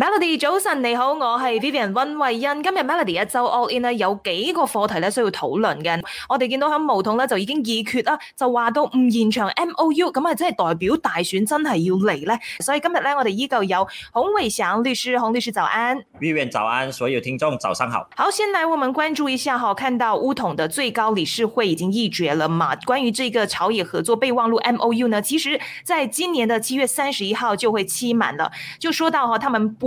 Melody，早晨你好，我係 Vivian 溫慧欣。今日 Melody 一周 all in 呢有幾個課題咧需要討論嘅。我哋見到喺巫統咧就已經議決啦，就話到唔延長 M O U，咁啊即係代表大選真係要嚟咧。所以今日咧我哋依舊有孔慧祥律師，孔律師早安。Vivian 早安，所有聽眾早上好。好，先嚟，我們關注一下哈，看到巫統的最高理事會已經議決了嘛？關於這個朝野合作備忘錄 M O U 呢，其實在今年的七月三十一號就會期滿了。就說到哈，他們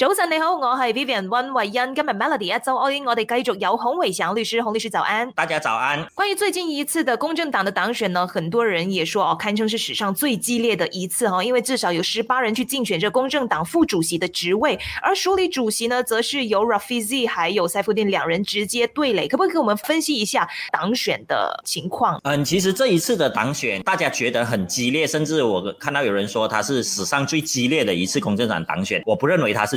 早晨你好，我係 Vivian 溫慧欣，今日 Melody 一周，我哋繼續由洪偉祥律師，洪律師早安，大家早安。關於最近一次的公正黨的黨選呢，很多人也說哦，堪稱是史上最激烈的一次哈，因為至少有十八人去競選這公正黨副主席的職位，而署理主席呢，則是由 Rafizi 還有賽夫丁兩人直接對壘，可唔可以給我們分析一下黨選的情況？嗯，其實這一次的黨選，大家覺得很激烈，甚至我看到有人說他是史上最激烈的一次公正黨黨選，我不認為他是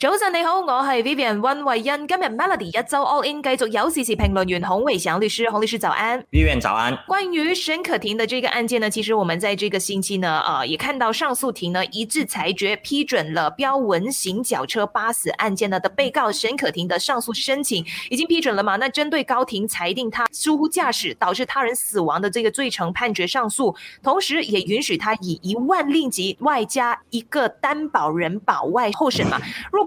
早晨你好，我係 Vivian 溫慧欣，今日 Melody 一周 All In 繼續有時事評論員洪偉祥律師，洪律師早安，Vivian 早安。關於沈可婷的這個案件呢，其實我們在這個星期呢，啊、呃，也看到上訴庭呢一致裁決批准了標文型腳車八死案件呢的被告沈可婷的上訴申請，已經批准了嘛？那針對高庭裁定他疏忽駕駛導致他人死亡的這個罪成判決上訴，同時也允許他以一萬令吉外加一個擔保人保外候審嘛？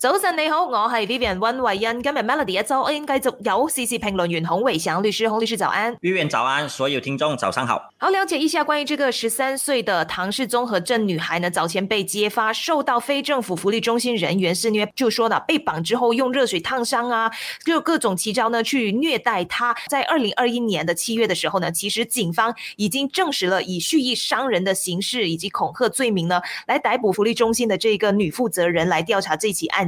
早晨你好，我係 Vivian 溫慧欣，今日 Melody 一周，我 n 繼續有 CC 評論員洪偉祥律師，洪律師早安，Vivian 早安，所有聽眾早上好。好，了解一下關於這個十三歲的唐氏綜合症女孩呢，早前被揭發受到非政府福利中心人員肆虐，是因為就說呢被綁之後用熱水燙傷啊，就各種奇招呢去虐待她。在二零二一年的七月的時候呢，其實警方已經證實了以蓄意傷人的形式以及恐嚇罪名呢，來逮捕福利中心的這個女負責人，來調查這起案。